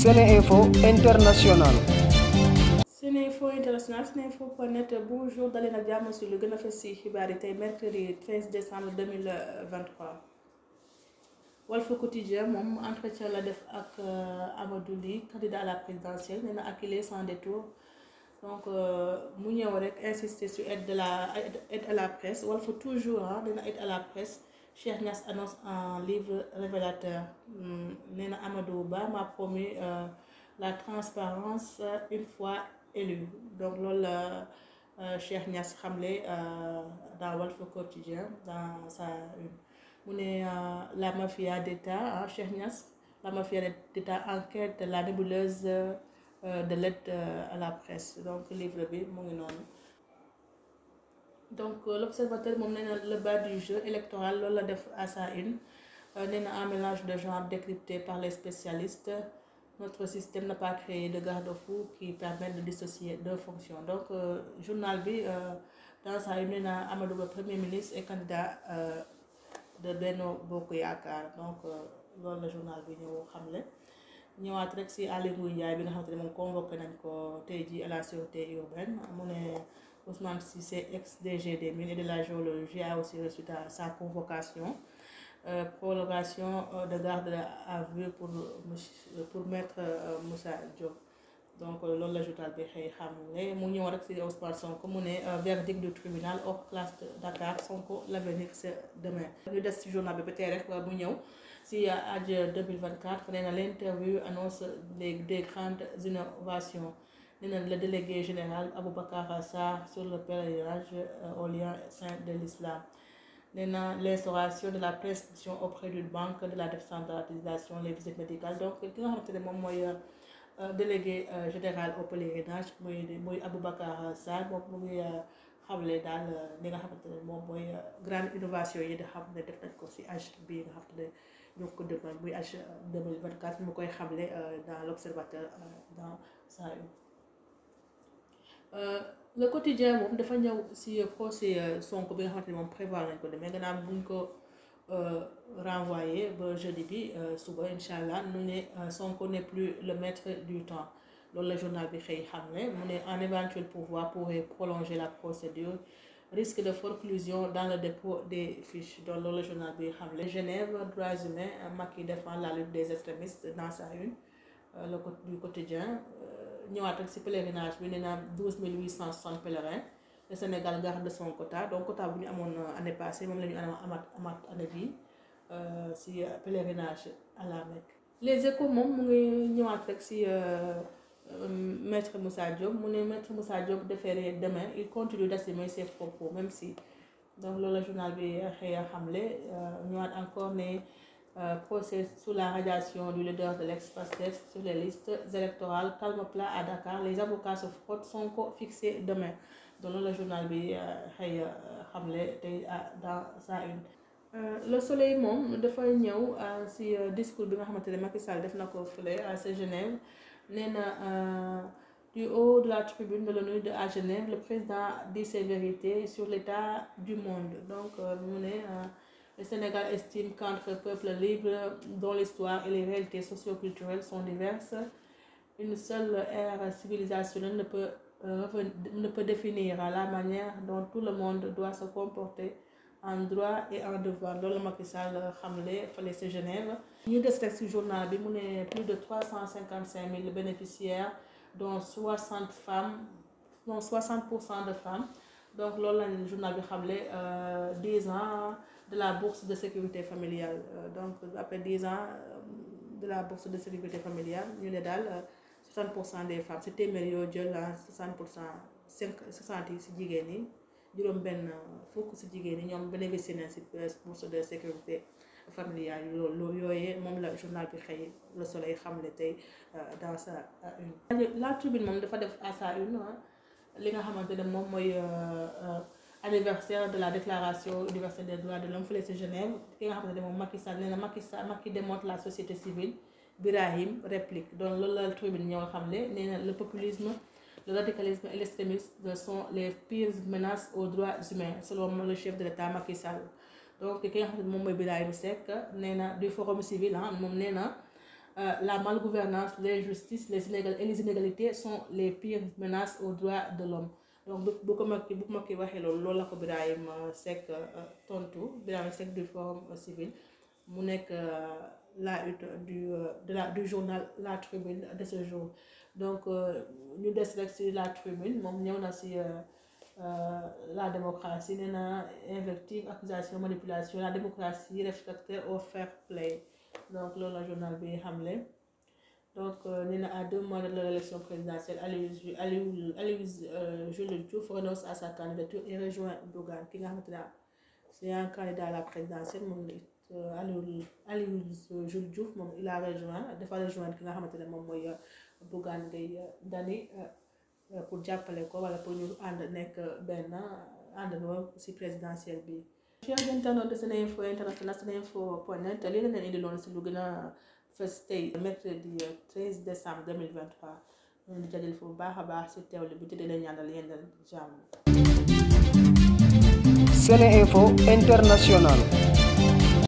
Sénéinfo International. Sénéinfo International Sénéinfo.net bonjour daleen ak jàmm si lu gën a fës si xibaar yi tey mercredi 13 décembre 2023. Walf Quotidien moom entretien la def ak euh, Amadou Ly candidat à la présidentielle nee na acculé sans détour donc euh, mu ñëw rek insister sur aide de la aide à la presse Walf toujours ah nee na aide à la presse. Cheikh Niass annonce un livre révélateur hmm, nee na Amadou Ba m'a promis euh, la transparence euh, une fois élu donc loolu la euh, Cheikh Niass xamle euh, dans Walf Quotidien dans sa une mu ne euh, la mafia d'État Cheikh Niass la mafia d'État enquête la nébuleuse de l'aide à la presse donc livre bi mu ngi noonu. donc euh, l' observateur moom nee na le bas du jeu électoral loolu la def à sa une euh, nee na un de genre décrypté par les spécialistes notre système n'a pas créé de garde-fou qui permettent de dissocier deux fonctions donc euh, journal bi euh, dans sa une nee na Amadou Ba premier ministre et candidat euh, de Benno Bokk Yaakaar donc euh, loolu la journal bi ñëw xam xamle ñëwaat rek si Aly Ngouille Ndiaye bi nga xamante ne moom convoqué nañ ko tey ji à la sûreté urbaine mu ne Ousmane Cissé, ex-DG des mines de la géologie, a aussi reçu sa convocation. Euh, prolongation euh, de garde à vue pour, euh, pour maître euh, Moussa donc euh, loolu la journal bi xëy xamle mu ñëw rek si Ousmane Sonko mu ne verdict du tribunal hors classe de Dakar Sonko l'avenir c'est demain. ñu des si journal bi ba tey rek mu ñëw si AJ 2024 nee na l'interview annonce des des grandes innovations. dinañ le délégué général Aboubacar Sarr sur le pèlerinage euh, au lieu saint de l'islam nee na l'instauration de la prescription auprès d'une banque de la décentralisation les visites médicales donc ki nga xamante ne moom mooy euh, euh, délégué général au pèlerinage muy muy Aboubacar Sarr moom mu xamle daal li nga xamante ne moom mooy grande innovation yi di xam ne def nañ ko si âge bi nga xamante ne muy âge mu koy xamle dans l'observateur dans sa une Euh, le quotidien moom dafa ñëw si procès euh, Sonko bi nga xamante ne moom prévoir nañ ko demee gannaaw buñ ko euh, renvoyé ba jeudi bi suba incha allah nu ne Sonko n'est plus le maître du temps loolu la journal bi xëy xam ne mu ne en éventuel pouvoir pourrait prolonger la procédure risque de forclusion dans le dépôt de fiches donc loolu la journal bi xam ne Genève droits humains Macky défend la lutte des extrémistes dans sa une le du ñëwaat rek si pèlerinage bi nee naa douze mille huit cent soixante pèlerins le Sénégal garde son quota donc quota bu ñu amoon euh, année passée moom la ñu amaat amaat année bii euh, si euh, pèlerinage à les échos moom mu ngi ñëwaat rek si maître Moussa Diop mu ne maître Moussa Diop déféré demain il continue d'assumer ses propos si donc loolu journal bi xëy xamle ñëwaat encore ne. Euh, procès sous la radiation du leader de l'ex-PASTEF sur les listes électorales calme plat à Dakar les avocats se frottent Sonko demain doon la journal bi euh, xëy euh, xamle tey dans sa une. le soleil moom dafay ñëw si discours bi nga xamante ne Macky Sall def na ko fële à Genève nee na du haut de la tribune de l'ONU de à Genève le président dit ses sur l'état du monde donc mu Le Sénégal estime qu'entre peuples libres, dont l'histoire et les réalités socioculturelles sont diverses, une seule ère civilisationnelle ne peut, euh, ne peut définir la manière dont tout le monde doit se comporter en droit et en devoir loolu Macky Sall xamle fale ci Genève ñu des rek ci journal bi mu ne plus de trois cent cinquante cinq mille bénéficiaires dont soixante femmes dont soixante pour cent de femmes donc loolu lañ journal bi xamle euh, dix ans de la bourse de sécurité familiale euh, donc après 10 ans euh, de la bourse de sécurité familiale ñu ne daal 60 euh, pour cent des femmes si téeméer yoo jël la 60 pour cent cinq soixante yi si jigéen ñi juróom-benn fukk si jigéen ñi ñoom bénéficié nañ si bourse de sécurité familiale yi loolu moom la journal bi xëy Le Soleil xamle tey dans sa une. La Tribune moom dafa def à une li nga xamante ne moom mooy. anniversaire de la déclaration universelle des droits de l'homme fële ci Genève ki nga xamante ne moom Macky Sall nee na démontre la société civile Birahim réplique donc loolu la tribune ñoo xam ne nee na le populisme le radicalisme et l'extrémisme sont les pires menaces aux droits humains selon le chef de l'État Macky Sall donc ki nga xamante ne moom mooy Birahim Seck nee na du forum civil ah moom nee na euh, la malgouvernance l'injustice les inégalités et les inégalités sont de l'homme donc bu bu ko Macky bu ko Macky waxee loolu loolu la ko Birahim euh, Seck euh, tontu Birahim Seck du forum civil mu nekk euh, la une du la du journal La Tribune de ce jour donc ñu des rek si La Tribune moom ñëw na si la démocratie nee na invective accusation manipulation la démocratie respectée au fair play donc loolu la journal bi xamle. donc euh, nee na à deux mois de l'élection présidentielle Aliou Aliou euh, Jules Diouf renonce à sa candidature et rejoint Bougane ki nga xamante ne c'est un candidat à la présidentielle moom it euh, Aliou moom il a rejoint dafa ki nga xamante ne moom mooy Bougane Gueye Dany pour jàppale ko wala pour ñu ànd nekk benn àndandoo ci présidentielle bi. chers internautes de Seneinfo International Seneinfo point net lii la leen indi loon ci lu gën a. fës tey mercredi 13 euh, décembre 2023 ñu ngi bu baax a baax si teewlu de te dina ñaanal yendal jàmm. Sene Info International.